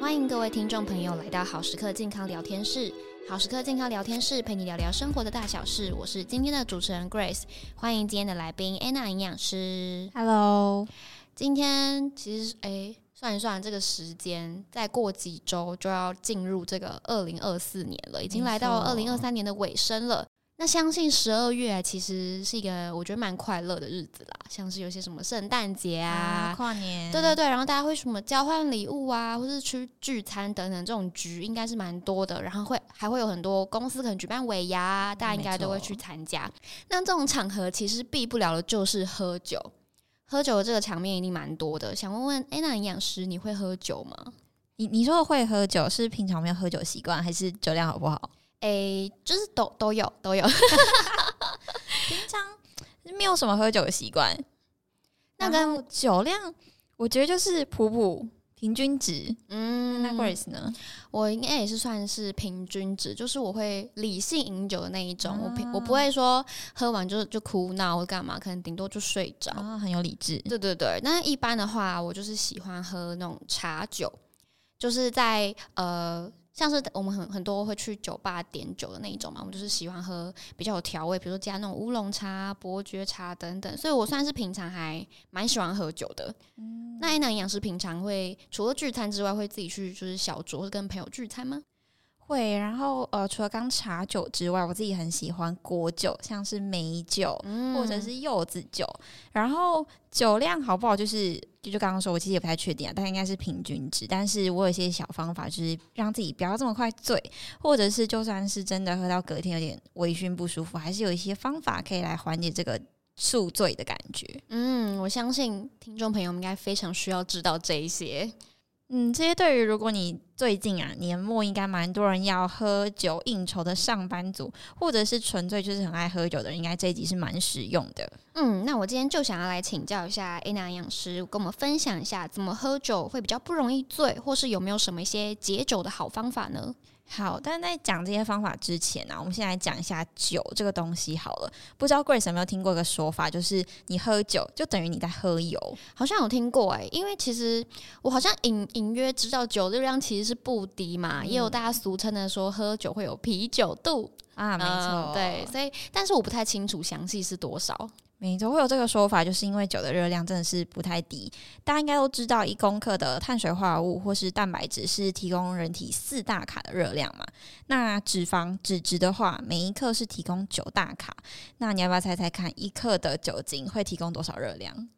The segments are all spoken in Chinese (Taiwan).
歡迎各位聽眾朋友來到好時刻健康聊天室。好時刻健康聊天室陪你聊聊生活的大小事，我是今天的主持人 Grace。歡迎今天的來賓 Anna 營養師，Hello。今天其實哎，算一算這個時間，再過幾周就要進入這個二零二四年了，已經來到二零二三年的尾聲了。那相信十二月其實是一個我覺得蠻快樂的日子啦，像是有些什麼聖誕節啊，啊、跨年，對對對，然後大家會什麼交換禮物啊，或是去聚餐等等這種局，應該是蠻多的。然後會還會有很多公司可能舉辦尾牙、啊，大家應該都會去參加。那這種場合其實避不了的就是喝酒，喝酒的這個場面一定蠻多的。想問問誒，Anna 營養師，你會喝酒嗎？你你說會喝酒是平常沒有喝酒習慣，還是酒量好不好？哎、欸，就是都都有都有，都有 平常沒有什麼喝酒的習慣。那個酒量，我覺得就是普普平均值。嗯，那 Grace 呢？我應該也是算是平均值，就是我會理性飲酒的那一種。我、啊、平我不會說喝完就就哭鬧或幹嘛，可能頂多就睡着、啊，很有理智。對對對，那一般的話，我就是喜歡喝那種茶酒，就是在呃。像是我們很很多會去酒吧點酒的那一種嘛，我們就是喜歡喝比較有調味，比如說加那種烏龍茶、伯爵茶等等，所以我算是平常還蠻喜歡喝酒的。嗯、那 Anna 營養師平常會除了聚餐之外，會自己去就是小酌，跟朋友聚餐嗎？對，然後呃，除了剛茶酒之外，我自己很喜歡果酒，像是梅酒、嗯、或者是柚子酒。然後酒量好不好，就是就就剛剛說，我其實也不太確定啊，但應該是平均值。但是我有一些小方法，就是讓自己不要這麼快醉，或者是就算是真的喝到隔天有點微醺不舒服，還是有一些方法可以來緩解這個宿醉的感覺。嗯，我相信聽眾朋友們應該非常需要知道這一些。嗯，這些對於如果你最近啊，年末應該蠻多人要喝酒應酬的上班族，或者是純粹就是很愛喝酒的人，應該這一集是蠻實用的。嗯，那我今天就想要來請教一下安娜營養師，跟我們分享一下怎麼喝酒會比較不容易醉，或是有沒有什麼一些解酒的好方法呢？好，但在講這些方法之前呢、啊，我們先來講一下酒這個東西好了。不知道 Grace 有沒有聽過一個說法，就是你喝酒就等於你在喝油，好像有聽過誒、欸，因為其實我好像隱隱約知道酒的熱量其實是不低嘛，嗯、也有大家俗稱的說喝酒會有啤酒肚啊，沒錯、哦，對，所以但是我不太清楚詳細是多少。沒錯，會有這個說法，就是因為酒的熱量真的是不太低。大家應該都知道，一公克的碳水化合物或是蛋白質是提供人體四大卡的熱量嘛。那脂肪脂質的話，每一克是提供九大卡。那你要不要猜猜看，一克的酒精會提供多少熱量？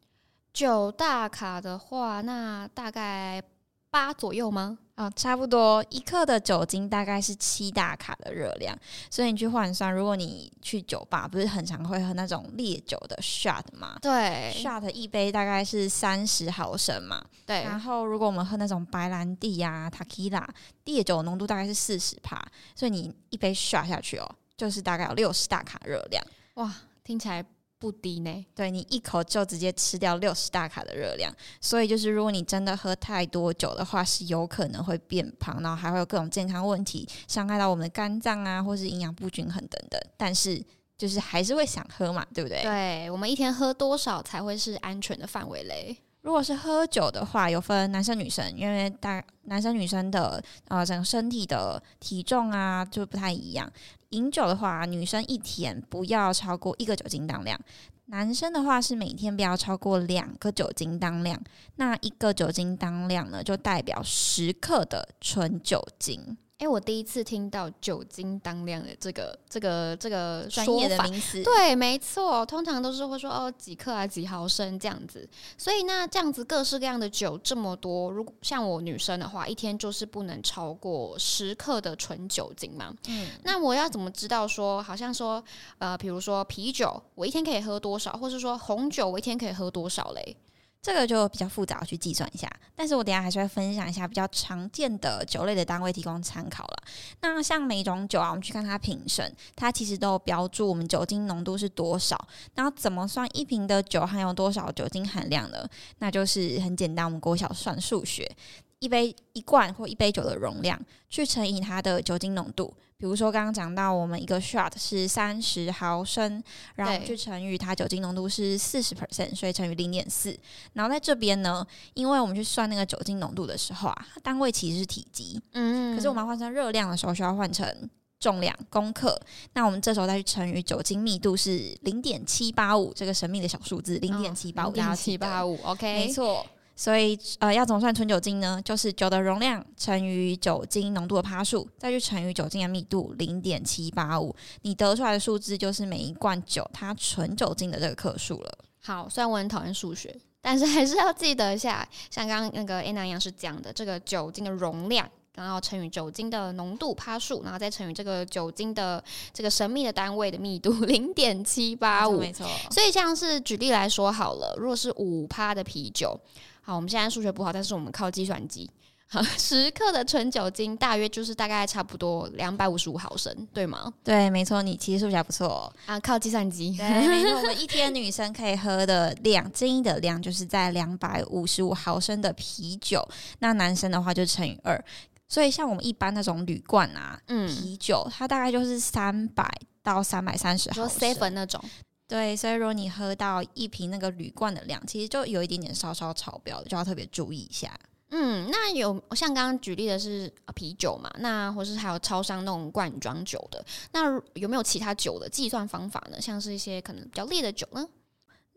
九大卡的話，那大概八左右嗎？啊、哦，差不多一克的酒精大概是七大卡的熱量，所以你去換算，如果你去酒吧不是很常會喝那種烈酒的 shot 嘛，對，shot 一杯大概是三十毫升嘛，對，然後如果我們喝那種白蘭地呀、Tequila 啦，烈酒濃度大概是四十趴，所以你一杯 shot 下去哦，就是大概有六十大卡熱量，哇，聽起來。不低呢？對，你一口就直接吃掉六十大卡的熱量，所以就是如果你真的喝太多酒的話，是有可能會變胖，然後還會有各種健康問題，傷害到我們的肝臟啊，或是營養不均衡等等。但是就是還是會想喝嘛，對不對？對，我們一天喝多少才會是安全的範圍嘞？如果是喝酒的話，有分男生女生，因為大男生女生的呃整個身體的體重啊就不太一樣。飲酒的話，女生一天不要超過一個酒精當量，男生的話是每天不要超過兩個酒精當量。那一個酒精當量呢，就代表十克的純酒精。哎、欸，我第一次聽到酒精當量的這個、這個、這個專業的名詞，對，沒錯，通常都是會說哦幾克啊、幾毫升這樣子。所以那這樣子各式各樣的酒這麼多，如果像我女生的話，一天就是不能超過十克的純酒精嘛、嗯。那我要怎麼知道說，好像說呃，比如說啤酒，我一天可以喝多少，或是說紅酒我一天可以喝多少嘞？這個就比較複雜，去計算一下。但是我等一下還是會分享一下比較常見的酒類的單位，提供參考了。那像每一種酒啊，我們去看,看它瓶身，它其實都有標注我們酒精濃度是多少。那怎麼算一瓶的酒含有多少酒精含量呢？那就是很簡單，我們國小算數學，一杯、一罐或一杯酒的容量去乘以它的酒精濃度。比如說，剛剛講到我們一個 shot 是三十毫升，然後去乘以它酒精濃度是四十 percent，所以乘以零點四。然後在這邊呢，因為我們去算那個酒精濃度的時候啊，單位其實是體積，嗯，可是我們要換成熱量的時候需要換成重量，公克。那我們這時候再去乘以酒精密度是零點七八五這個神秘的小數字，零點七八五一七八五，OK，沒錯。所以，呃，要怎麼算純酒精呢？就是酒的容量乘以酒精濃度的趴數，再去乘以酒精的密度零點七八五，你得出來的數字就是每一罐酒它純酒精的這個克數了。好，雖然我很討厭數學，但是還是要記得一下，像剛剛那個 Anna 營養師講的這個酒精的容量。然後乘以酒精的濃度趴數，然後再乘以這個酒精的這個神秘的單位的密度零點七八五，沒錯。所以像是舉例來說好了，如果是五趴的啤酒，好，我們現在數學不好，但是我們靠計算機，十 克的純酒精大約就是大概差不多兩百五十五毫升，對嗎？對，沒錯，你其實數學還不錯哦。啊，靠計算機。對，沒錯，我們一天女生可以喝的量，建議 的量就是在兩百五十五毫升的啤酒，那男生的話就乘以二。所以像我們一般那種鋁罐啊，嗯、啤酒，它大概就是三百到三百三十毫升，就是、那種。對，所以如果你喝到一瓶那個鋁罐的量，其實就有一點點稍稍超標，就要特別注意一下。嗯，那有像剛剛舉例的是啤酒嘛？那或是還有超商那種罐裝酒的？那有沒有其他酒的計算方法呢？像是一些可能比較烈的酒呢？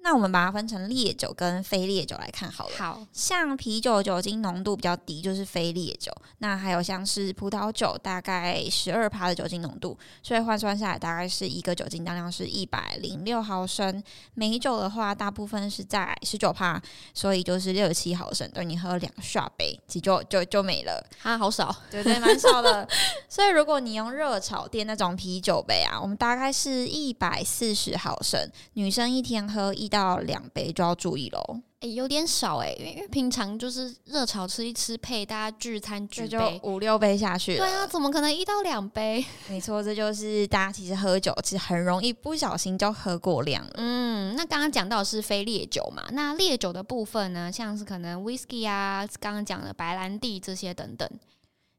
那我們把它分成烈酒跟非烈酒來看好了。好，像啤酒酒精濃度比較低，就是非烈酒。那還有像是葡萄酒，大概十二趴的酒精濃度，所以換算下來大概是一個酒精當量是一百零六毫升。美酒的話，大部分是在十九趴，所以就是六十七毫升。對，你喝兩刷杯，其就就就沒了。哈、啊，好少，對不對？蠻少的。 所以如果你用熱炒店那種啤酒杯啊，我們大概是一百四十毫升。女生一天喝一。到兩杯就要注意嘍，欸，有點少欸，因為，因為平常就是熱炒吃一吃配大家聚餐聚，就五六杯下去，對啊，怎麼可能一到兩杯？沒錯，這就是大家其實喝酒其實很容易不小心就喝過量。嗯，那剛剛講到是非烈酒嘛，那烈酒的部分呢，像是可能 whisky 啊，剛剛講的白蘭地這些等等。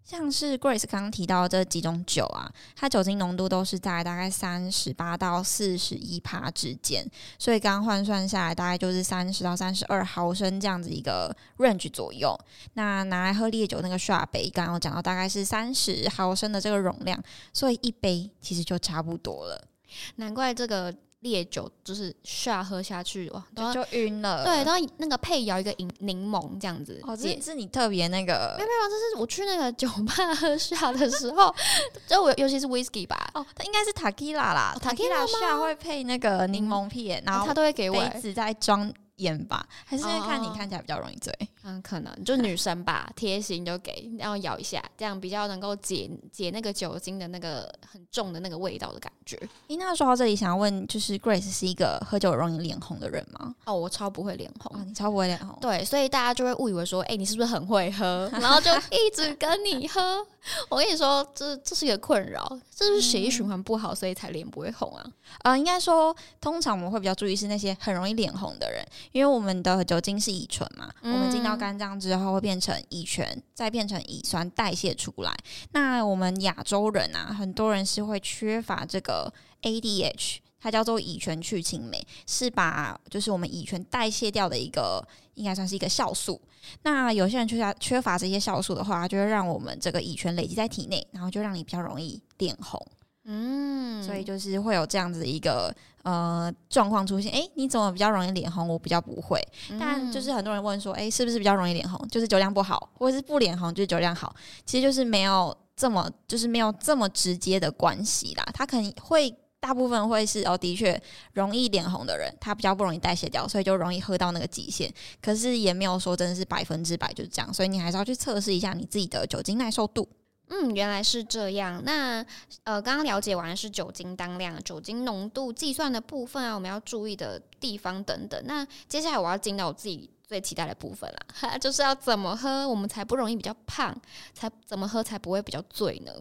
像是 Grace 剛剛提到這幾種酒啊，它酒精濃度都是在大概三十八到四十一趴之間，所以剛換算下來大概就是三十到三十二毫升這樣子一個 range 左右。那拿來喝烈酒的那個 shot 杯，剛剛我講到大概是三十毫升的這個容量，所以一杯其實就差不多了。難怪這個。烈酒就是下喝下去哇，就就暈了。對，然後那個配搖一個檸檸檬這樣子，哦、這是也是你特別那個。沒有沒有，這是我去那個酒吧喝下的時候， 就我尤其是 Whisky 吧。哦，它應該是 Tequila 啦，Tequila 下會配那個檸檬片，然後、嗯啊、他都會給我一、欸、直在裝。煙吧，還是看你看起來比較容易醉。哦、嗯，可能就女生吧，貼、嗯、心就給，然後咬一下，這樣比較能夠解解那個酒精的那個很重的那個味道的感覺。那說到這裡，想要問就是 Grace 是一個喝酒容易臉紅的人嗎？哦，我超不會臉紅、哦，你超不會臉紅，對，所以大家就會誤以為說，哎、欸，你是不是很會喝？然後就一直跟你喝。 我跟你說，這這是一個困擾，這是血液循環不好，所以才臉不會紅啊。嗯、呃、應該說，通常我們會比較注意是那些很容易臉紅的人。因為我們的酒精是乙醇嘛、嗯，我們進到肝臟之後會變成乙醛，再變成乙酸代謝出來。那我們亞洲人啊，很多人是會缺乏這個 ADH，它叫做乙醛去氫酶，是把就是我們乙醛代謝掉的一個，應該算是一個酵素。那有些人缺乏缺乏這些酵素的話，它就會讓我們這個乙醛累積在體內，然後就讓你比較容易臉紅。嗯，所以就是會有這樣子的一個。呃，狀況出現，哎、欸，你怎麼比較容易臉紅？我比較不會、嗯，但就是很多人問說，哎、欸，是不是比較容易臉紅？就是酒量不好，或是不臉紅就是酒量好，其實就是沒有這麼，就是沒有這麼直接的關係啦。他可能會大部分會是哦、呃，的確容易臉紅的人，他比較不容易代謝掉，所以就容易喝到那個極限。可是也沒有說真的是百分之百就是這樣，所以你還是要去測試一下你自己的酒精耐受度。嗯，原來是這樣。那呃，剛剛了解完是酒精當量、酒精濃度計算的部分啊，我們要注意的地方等等。那接下來我要進到我自己最期待的部分啦啊，就是要怎麼喝我們才不容易比較胖，才怎麼喝才不會比較醉呢？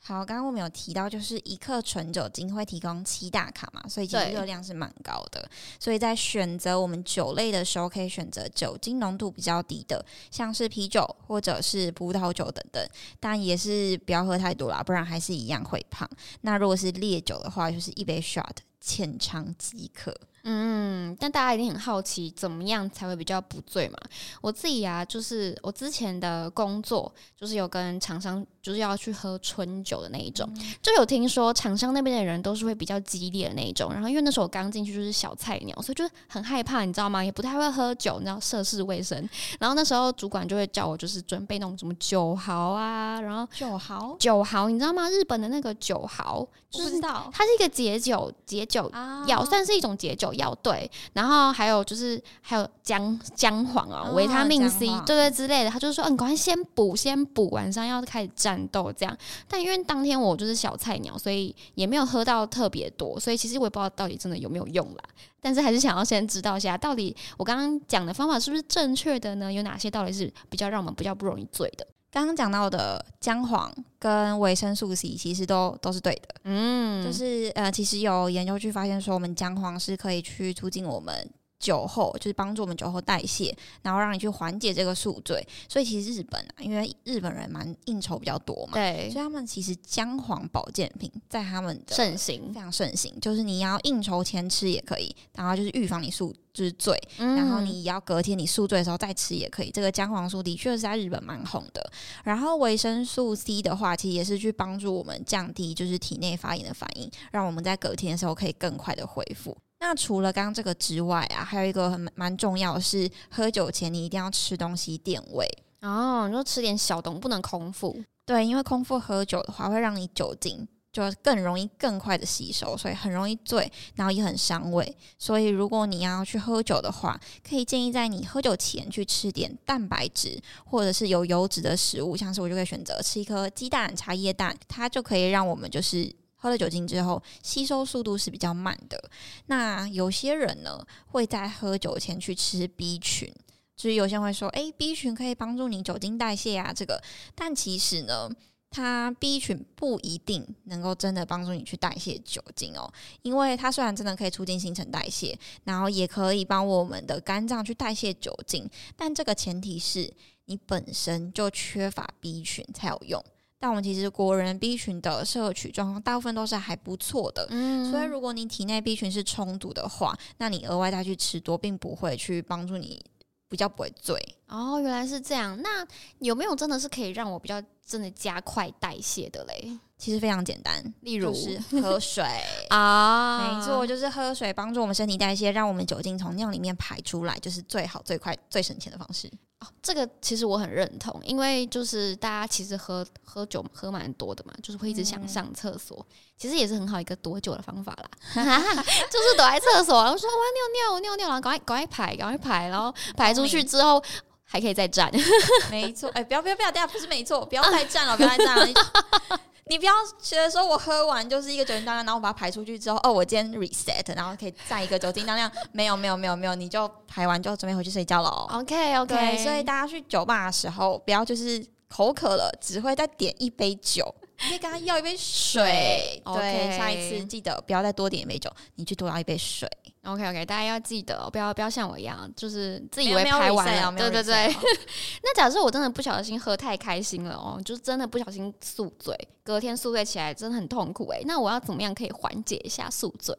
好，剛剛我們有提到，就是一克純酒精會提供七大卡嘛，所以熱量是蠻高的，所以在選擇我們酒類的時候，可以選擇酒精濃度比較低的，像是啤酒或者是葡萄酒等等，但也是不要喝太多啦，不然還是一樣會胖。那如果是烈酒的話，就是一杯 shot 淺嚐即可。嗯，但大家一定很好奇，怎麼樣才會比較不醉嘛？我自己啊，就是我之前的工作，就是有跟廠商，就是要去喝春酒的那一種，嗯、就有聽說廠商那邊的人都是會比較激烈的那一種。然後因為那時候我剛進去就是小菜鳥，所以就很害怕，你知道嗎？也不太會喝酒，你知道，涉世未深。然後那時候主管就會叫我，就是準備那種什麼酒豪啊，然後酒豪酒豪，你知道嗎？日本的那個酒豪，就是，不知道，它是一個解酒解酒藥，啊、算是一種解酒。要，對，然後還有就是還有薑薑黃啊、喔，哦，維他命 C，對對對之類的，他就是說，嗯，趕快先補先補，晚上要開始戰鬥這樣。但因為當天我就是小菜鳥，所以也沒有喝到特別多，所以其實我也不知道到底真的有沒有用啦。但是還是想要先知道一下，到底我剛剛講的方法是不是正確的呢？有哪些到底是比較讓我們比較不容易醉的？剛剛講到的薑黃跟維生素 C，其實都都是對的。嗯，就是呃，其實有研究去發現說，我們薑黃是可以去促進我們。酒後就是幫助我們酒後代謝，然後讓你去緩解這個宿醉。所以其實日本啊，因為日本人蠻應酬比較多嘛，對，所以他們其實薑黃保健品在他們的盛行非常盛行。就是你要應酬前吃也可以，然後就是預防你宿之、就是、醉、嗯，然後你要隔天你宿醉的時候再吃也可以。這個薑黃素的確是在日本蠻紅的。然後維生素 C 的話，其實也是去幫助我們降低就是體內發炎的反應，讓我們在隔天的時候可以更快的恢復。那除了剛剛這個之外啊，還有一個蠻蠻重要的是，喝酒前你一定要吃東西墊胃哦。你說吃點小東，不能空腹。對，因為空腹喝酒的話，會讓你酒精就更容易、更快的吸收，所以很容易醉，然後也很傷胃。所以如果你要去喝酒的話，可以建議在你喝酒前去吃點蛋白質或者是有油脂的食物，像是我就可以選擇吃一顆雞蛋、茶葉蛋，它就可以讓我們就是。喝了酒精之後，吸收速度是比較慢的。那有些人呢會在喝酒前去吃 B 群，所以有些人會說：“誒，B 群可以幫助你酒精代謝啊。”這個，但其實呢，它 B 群不一定能夠真的幫助你去代謝酒精哦，因為它雖然真的可以促進新陳代謝，然後也可以幫我們的肝臟去代謝酒精，但這個前提是你本身就缺乏 B 群才有用。但我們其實國人 B 群的攝取狀況，大部分都是還不錯的。嗯，所以如果你體內 B 群是充足的話，那你額外再去吃多，並不會去幫助你，比較不會醉。哦，原來是這樣。那有沒有真的是可以讓我比較真的加快代謝的嘞？其實非常簡單，例如喝水啊，沒錯，就是喝水幫、 就是、助我們身體代謝，讓我們酒精從尿裡面排出來，就是最好最快最省錢的方式。哦，這個其實我很認同，因為就是大家其實喝喝酒喝蠻多的嘛，就是會一直想上廁所、嗯，其實也是很好一個躲酒的方法啦。哈哈，就是躲在廁所，然後說我要尿尿，尿尿，尿尿，然後趕快趕快排，趕快排，然後排出去之後。嗯，之後還可以再蘸， 沒錯。哎、欸，不要不要不要，大家不是沒錯，不要再蘸了，不要再蘸了 你。你不要覺得說我喝完就是一個酒精當量，然後我把它排出去之後，哦，我今天 reset，然後可以再一個酒精當量。沒有沒有沒有沒有，你就排完就準備回去睡覺了哦。OK OK，所以大家去酒吧的時候，不要就是口渴了，只會再點一杯酒。你可以跟他要一杯水 ，OK。下一次記得不要再多點一杯酒，你去多要一杯水。OK OK，大家要記得，不要不要像我一樣，就是自以為拍完了。啊啊、對對對。 那假設我真的不小心喝太開心了哦、喔，就是真的不小心宿醉，隔天宿醉起來真的很痛苦誒、欸。那我要怎麼樣可以緩解一下宿醉？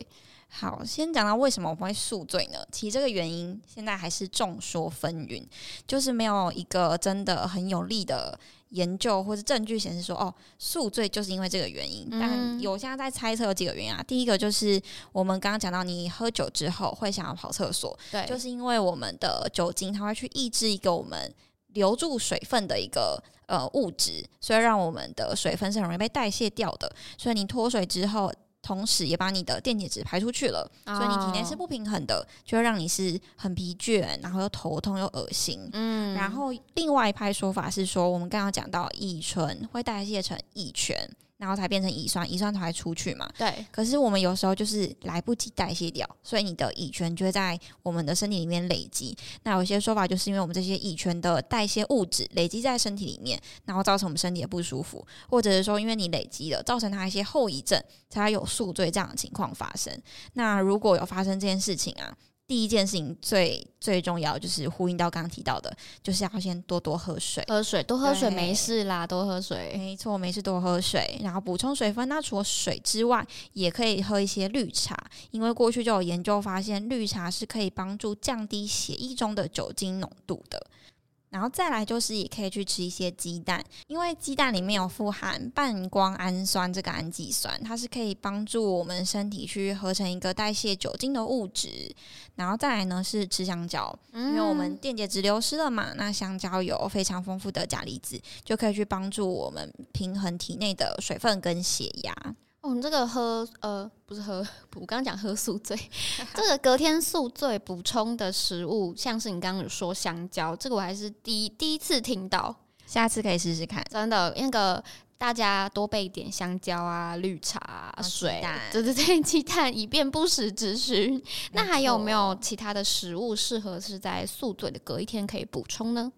好，先講到為什麼我們會宿醉呢？其實這個原因現在還是眾說紛紜，就是沒有一個真的很有力的研究或是證據顯示說，哦，宿醉就是因為這個原因。嗯。但有現在在猜測有幾個原因啊。第一個就是我們剛剛講到，你喝酒之後會想要跑廁所，對，就是因為我們的酒精它會去抑制一個我們留住水分的一個呃物質，所以讓我們的水分是很容易被代謝掉的，所以你脫水之後。同時，也把你的電解質排出去了，所以你體內是不平衡的，哦、就會讓你是很疲倦，然後又頭痛又噁心。嗯，然後另外一派說法是說，我們剛剛講到乙醇會代謝成乙醛。然後才變成乙酸，乙酸才會出去嘛。對。可是我們有時候就是來不及代謝掉，所以你的乙醛就會在我們的身體裡面累積。那有些說法就是因為我們這些乙醛的代謝物質累積在身體裡面，然後造成我們身體的不舒服，或者是說因為你累積了，造成它一些後遺症，才會有宿醉這樣的情況發生。那如果有發生這件事情啊。第一件事情最最重要就是呼應到剛剛提到的，就是要先多多喝水，喝水，多喝水沒事啦，多喝水沒錯，沒事多喝水，然後補充水分。那除了水之外，也可以喝一些綠茶，因為過去就有研究發現，綠茶是可以幫助降低血液中的酒精濃度的。然後再來就是，也可以去吃一些雞蛋，因為雞蛋裡面有富含半胱氨酸，這個氨基酸，它是可以幫助我們身體去合成一個代謝酒精的物質。然後再來呢是吃香蕉，因為我們電解質流失了嘛，嗯、那香蕉有非常豐富的鉀離子，就可以去幫助我們平衡體內的水分跟血壓。我們這個喝呃不是喝，我剛剛講喝宿醉， 這個隔天宿醉補充的食物，像是你剛剛有說香蕉，這個我還是第一第一次聽到，下次可以試試看。真的，那個大家多備一點香蕉啊、綠茶、啊啊、水、對對對、雞蛋，以便不時之需。那還有沒有其他的食物適合是在宿醉的隔一天可以補充呢？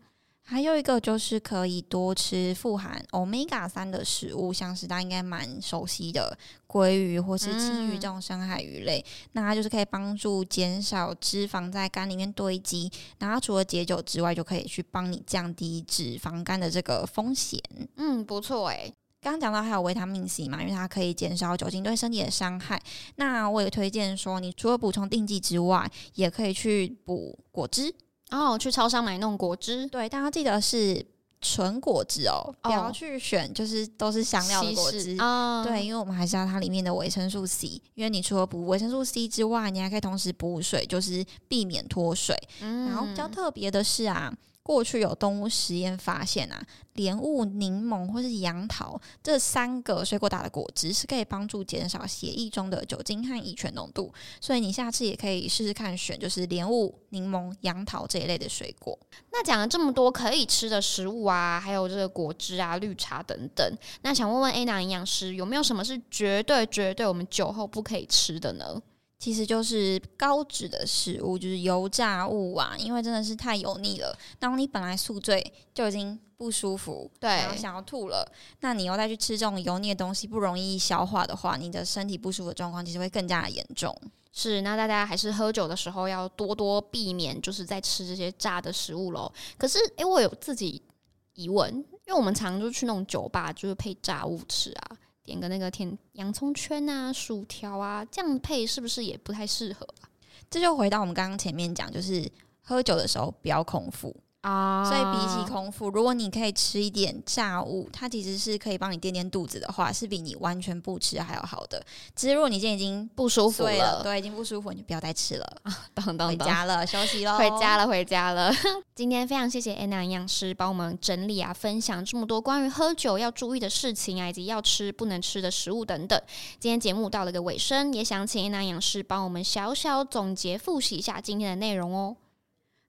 還有一個就是可以多吃富含歐米伽三的食物，像是大家應該蠻熟悉的鮭魚或是鯽魚這種深海魚類，嗯，那它就是可以幫助減少脂肪在肝裡面堆積，那它除了解酒之外，就可以去幫你降低脂肪肝的這個風險。嗯，不錯誒、欸。剛剛講到還有維他命 C 嘛，因為它可以減少酒精對身體的傷害。那我也推薦說，你除了補充錠劑，之外，也可以去補果汁。哦、oh，去超商買那種果汁，對，大家記得是純果汁哦，不、oh, 要去選就是都是香料的果汁。Oh. 對，因為我們還是要它裡面的維生素 C，因為你除了補維生素 C 之外，你還可以同時補水，就是避免脫水。嗯、然後比較特別的是啊。過去有動物實驗發現啊，蓮霧、檸檬或是楊桃這三個水果打的果汁是可以幫助減少血液中的酒精和乙醛濃度，所以你下次也可以試試看選就是蓮霧、檸檬、楊桃這一類的水果。那講了這麼多可以吃的食物啊，還有這個果汁啊、綠茶等等，那想問問 Anna 營養師有沒有什麼是絕對絕對我們酒後不可以吃的呢？其實就是高脂的食物，就是油炸物啊，因為真的是太油膩了。當你本來宿醉就已經不舒服，對，然後想要吐了，那你又再去吃這種油膩的東西，不容易消化的話，你的身體不舒服的狀況其實會更加嚴重。是，那大家還是喝酒的時候要多多避免，就是在吃這些炸的食物嘍。可是，誒，我有自己疑問，因為我們常常就去那種酒吧，就是配炸物吃啊。點個那個甜洋蔥圈啊，薯條啊，這樣配是不是也不太適合吧？這就回到我們剛剛前面講，就是喝酒的時候不要空腹。啊、uh，所以比起空腹，如果你可以吃一點炸物，它其實是可以幫你墊墊肚子的話，是比你完全不吃還要好，好的。只是如果你現在已經不舒服了，了，對，已經不舒服了，你就不要再吃了。啊、當等回家了，休息咯。回家了，回家了。家了 今天非常謝謝安娜營養師幫我們整理啊，分享這麼多關於喝酒要注意的事情啊，以及要吃不能吃的食物等等。今天節目到了個尾聲，也想請安娜營養師幫我們小小總結複習一下今天的內容哦。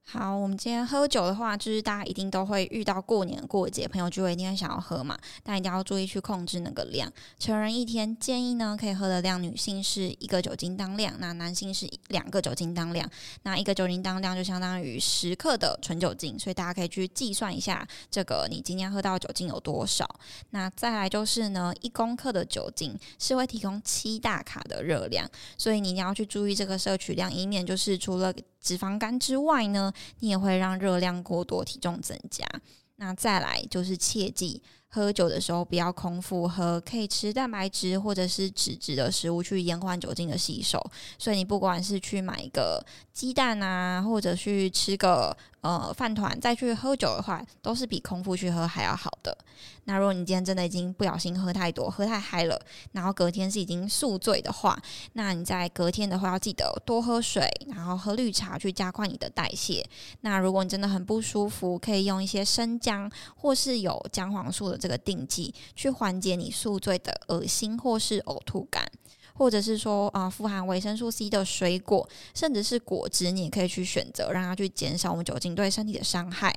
好，我們今天喝酒的話，就是大家一定都會遇到過年過節朋友聚會，一定會想要喝嘛。但一定要注意去控制那個量。成人一天建議呢，可以喝的量，女性是一個酒精當量，那男性是兩個酒精當量。那一個酒精當量就相當於十克的純酒精，所以大家可以去計算一下，這個你今天喝到的酒精有多少。那再來就是呢，一公克的酒精是會提供七大卡的熱量，所以你一定要去注意這個攝取量，以免就是除了。脂肪肝之外呢，你也會讓熱量過多，體重增加。那再來就是切記。喝酒的時候不要空腹喝，可以吃蛋白質或者是脂質的食物去延緩酒精的吸收。所以你不管是去買一個雞蛋啊，或者去吃個呃飯糰，再去喝酒的話，都是比空腹去喝還要好的。那如果你今天真的已經不小心喝太多，喝太嗨了，然後隔天是已經宿醉的話，那你在隔天的話要記得多喝水，然後喝綠茶去加快你的代謝。那如果你真的很不舒服，可以用一些生薑或是有薑黃素的這個定劑去緩解你宿醉的噁心或是嘔吐感，或者是說啊、呃，富含維生素 C 的水果，甚至是果汁，你也可以去選擇，讓它去減少我們酒精對身體的傷害。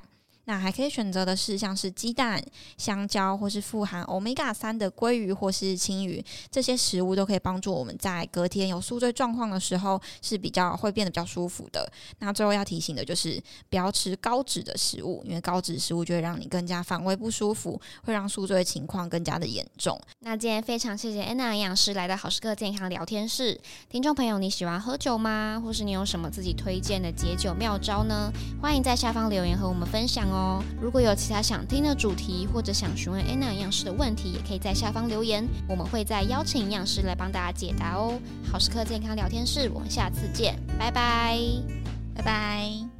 那還可以選擇的是，像是雞蛋、香蕉，或是富含 Omega 三的鮭魚或是鯖魚，這些食物都可以幫助我們在隔天有宿醉狀況的時候是比較會變得比較舒服的。那最後要提醒的就是，不要吃高脂的食物，因為高脂食物就會讓你更加反胃不舒服，會讓宿醉情況更加的嚴重。那今天非常謝謝 Anna 營養師來到好時刻健康聊天室，聽眾朋友，你喜歡喝酒嗎？或是你有什麼自己推薦的解酒妙招呢？歡迎在下方留言和我們分享哦。哦，如果有其他想聽的主題，或者想詢問 Anna 營養師的問題，也可以在下方留言，我們會再邀請營養師來幫大家解答哦。好食課健康聊天室，我們下次見，拜拜，拜拜。